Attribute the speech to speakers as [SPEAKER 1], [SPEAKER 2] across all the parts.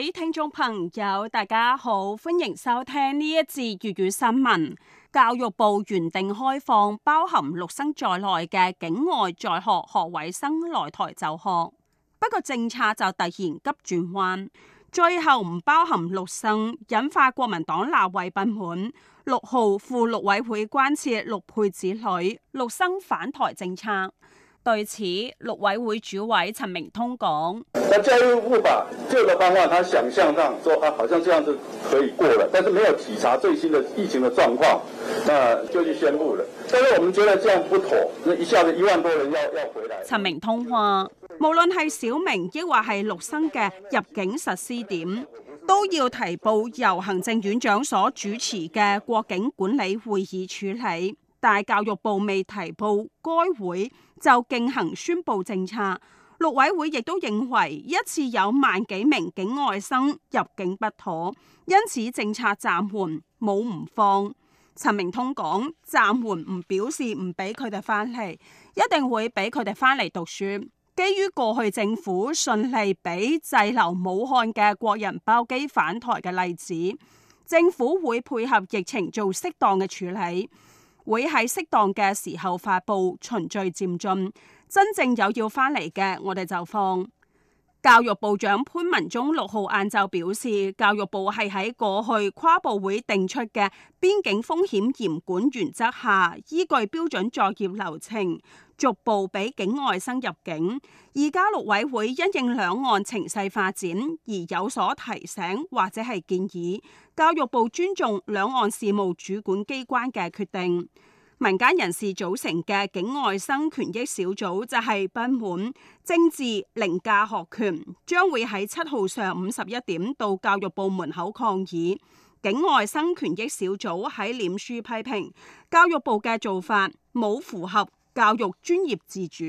[SPEAKER 1] 各位聽眾朋友，大家好，歡迎收聽呢一節粵語新聞。教育部原定開放包含陸生在內嘅境外在學學位生來台就學，不過政策就突然急轉彎，最後唔包含陸生，引發國民黨立委不滿。六號赴陸委會關切陸配子女陸生返台政策。對此，陸委會主委陳明通講：那教育部把舊嘅方法，他想象上說，他好像這樣子可以過了，但是沒有體察最新的疫情的狀況，那就去宣布了。但是我們覺得這樣不妥，那一下子一萬多人要要回來。陳明通話：無論係小明抑或係陸生嘅入境實施點，都要提報由行政院長所主持嘅國境管理會議處理。但教育部未提報該會就徑行宣布政策，陸委會亦都認為一次有萬幾名境外生入境不妥，因此政策暫緩冇唔放。陳明通講暫緩唔表示唔俾佢哋翻嚟，一定會俾佢哋翻嚟讀書。基於過去政府順利俾滯留武漢嘅國人包機返台嘅例子，政府會配合疫情做適當嘅處理。會喺適當嘅時候發布，循序漸進。真正有要翻嚟嘅，我哋就放。教育部長潘文忠六號晏晝表示，教育部係喺過去跨部會定出嘅邊境風險嚴管原則下，依據標準作業流程逐步俾境外生入境。而家陸委會因應兩岸情勢發展而有所提醒，或者係建議，教育部尊重兩岸事務主管機關嘅決定。民間人士組成嘅境外生權益小組就係不滿政治凌駕學權，將會喺七號上午十一點到教育部門口抗議。境外生權益小組喺臉書批評教育部嘅做法冇符合教育專業自主。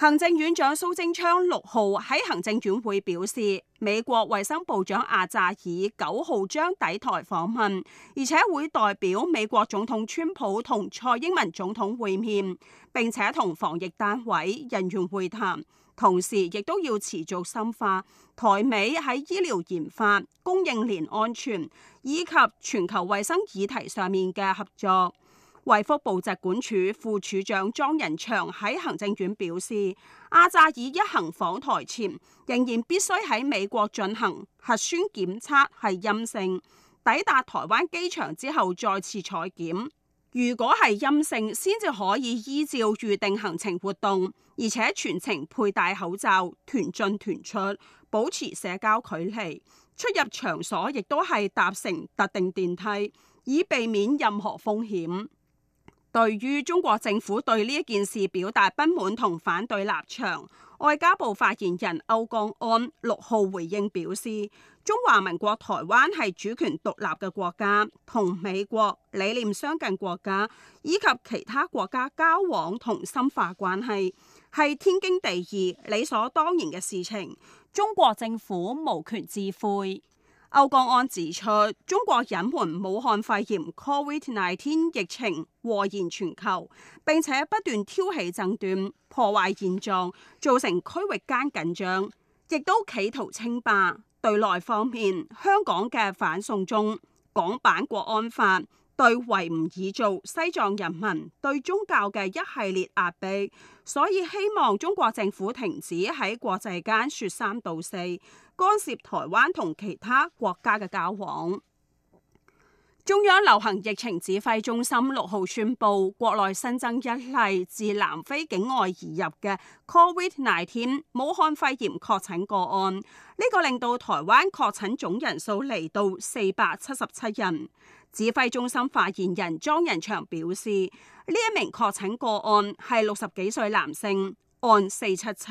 [SPEAKER 1] 行政院長蘇貞昌六號喺行政院會表示，美國衛生部長阿扎爾九號將抵台訪問，而且會代表美國總統川普同蔡英文總統會面，並且同防疫單位人員會談，同時亦都要持續深化台美喺醫療研發、供應鏈安全以及全球衛生議題上面嘅合作。衛福部疾管署副處長莊仁祥喺行政院表示，阿扎爾一行訪台前仍然必須喺美國進行核酸檢測係陰性，抵達台灣機場之後再次採檢，如果係陰性，先至可以依照預定行程活動，而且全程佩戴口罩，團進團出，保持社交距離，出入場所亦都係搭乘特定電梯，以避免任何風險。對於中國政府對呢一件事表達不滿同反對立場，外交部發言人歐江安六號回應表示，中華民國台灣係主權獨立嘅國家，同美國理念相近國家以及其他國家交往同深化關係，係天經地義、理所當然嘅事情。中國政府無權置喙。歐江安指出，中國隱瞞武漢肺炎 （Covid-19） 疫情禍延全球，並且不斷挑起爭端、破壞現狀，造成區域間緊張；亦都企圖稱霸。對內方面，香港嘅反送中、港版國安法對維吾爾族、西藏人民對宗教嘅一系列壓迫，所以希望中國政府停止喺國際間說三道四。干涉台灣同其他國家嘅交往。中央流行疫情指揮中心六號宣佈，國內新增一例自南非境外移入嘅 COVID-19 武漢肺炎確診個案，呢、這個令到台灣確診總人數嚟到四百七十七人。指揮中心發言人莊仁祥表示，呢一名確診個案係六十幾歲男性，案四七七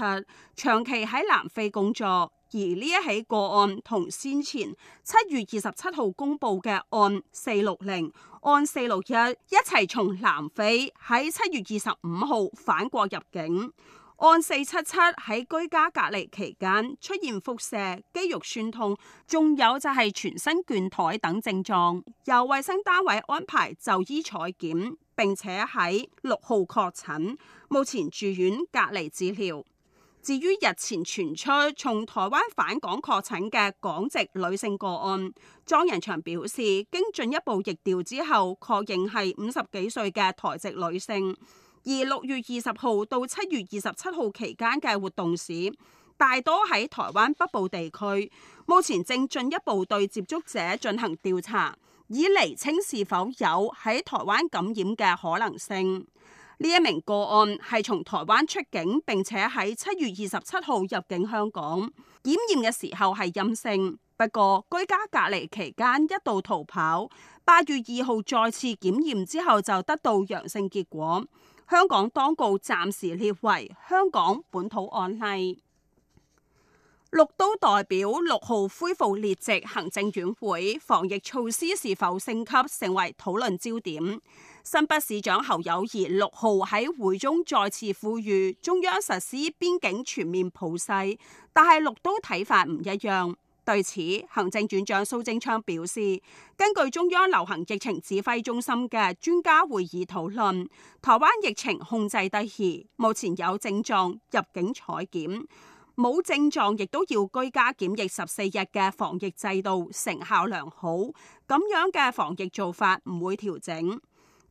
[SPEAKER 1] 長期喺南非工作。而呢一起個案同先前七月二十七號公布嘅案四六零、案四六一一齊從南非喺七月二十五號返國入境，案四七七喺居家隔離期間出現腹瀉、肌肉酸痛，仲有就係全身倦怠等症狀，由衛生單位安排就醫採檢，並且喺六號確診，目前住院隔離治療。至於日前傳出從台灣返港確診嘅港籍女性個案，莊人祥表示，經進一步疫調之後，確認係五十幾歲嘅台籍女性，而六月二十號到七月二十七號期間嘅活動史大多喺台灣北部地區，目前正進一步對接觸者進行調查，以釐清是否有喺台灣感染嘅可能性。呢一名個案係從台灣出境，並且喺七月二十七號入境香港，檢驗嘅時候係陰性。不過居家隔離期間一度逃跑，八月二號再次檢驗之後就得到陽性結果。香港當局暫時列為香港本土案例。六都代表六號恢復列席行政院會，防疫措施是否升級成為討論焦點。新北市長侯友宜六號喺會中再次呼籲中央實施邊境全面普篩，但係六都睇法唔一樣。對此，行政院長蘇貞昌表示，根據中央流行疫情指揮中心嘅專家會議討論，台灣疫情控制得宜，目前有症狀入境採檢，冇症狀亦都要居家檢疫十四日嘅防疫制度成效良好，咁樣嘅防疫做法唔會調整。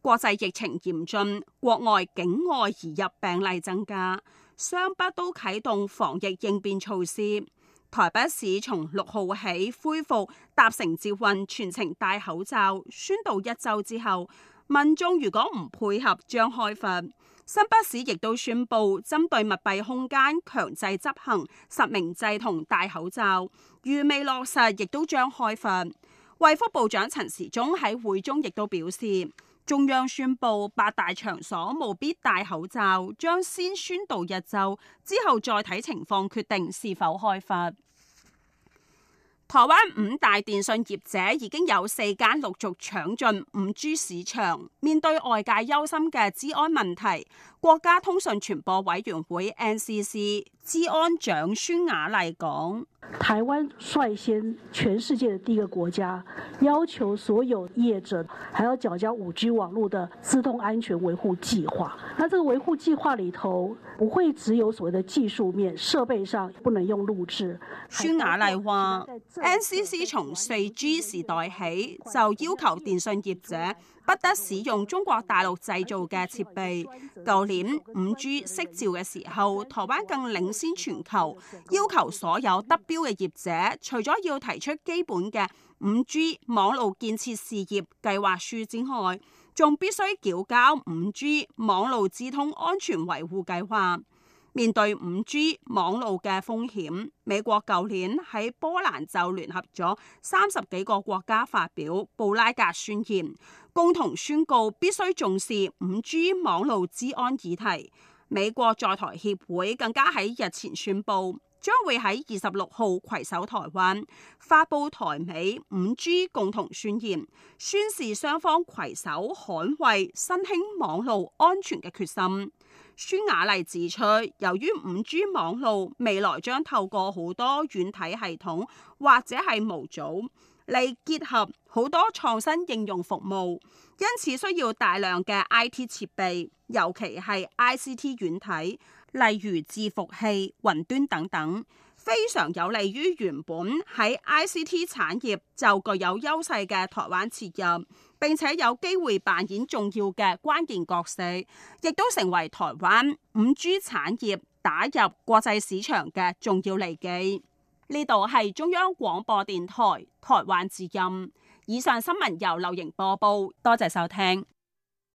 [SPEAKER 1] 國際疫情嚴峻，國外境外移入病例增加，雙北都啟動防疫應變措施。台北市從六號起恢復搭乘捷運全程戴口罩，宣導一周之後，民眾如果唔配合將開罰。新北市亦都宣布針對密閉空間強制執行實名制同戴口罩，如未落實亦都將開罰。衛福部長陳時中喺會中亦都表示。中央宣佈八大場所務必戴口罩，將先宣導一週，之後再睇情況決定是否開罰。台灣五大電信業者已經有四間陸續搶進五 G 市場，面對外界憂心嘅治安問題，國家通訊傳播委員會 NCC。治安長孫雅麗講：台灣率先全世界的第一個國家，要求所有業者還要繳交五 G 網絡的自動安全維護計劃。那這個維護計劃裏頭，不會只有所謂的技術面，設備上不能用錄製。孫雅麗話：NCC 從四 G 時代起就要求電信業者不得使用中國大陸製造嘅設備。舊年五 G 釋照嘅時候，台灣更領先全球要求所有得標嘅業者，除咗要提出基本嘅五 G 網絡建設事業計劃書之外，仲必須繳交五 G 網絡資通安全維護計劃。面對五 G 網絡嘅風險，美國舊年喺波蘭就聯合咗三十幾個國家發表布拉格宣言，共同宣告必須重視五 G 網絡資安議題。美國在台協會更加喺日前宣布，將會喺二十六號攜手台灣，發布台美五 G 共同宣言，宣示雙方攜手捍衛新興網絡安全嘅決心。舒雅麗指出，由於五 G 網路未來將透過好多軟體系統或者係模組嚟結合好多創新應用服務，因此需要大量嘅 IT 設備，尤其係 ICT 軟體，例如伺服器、雲端等等。非常有利於原本喺 I C T 產業就具有優勢嘅台灣切入，並且有機會扮演重要嘅關鍵角色，亦都成為台灣五 G 產業打入國際市場嘅重要利基。呢度係中央廣播電台台灣之音。以上新聞由劉瑩播報，多謝收聽。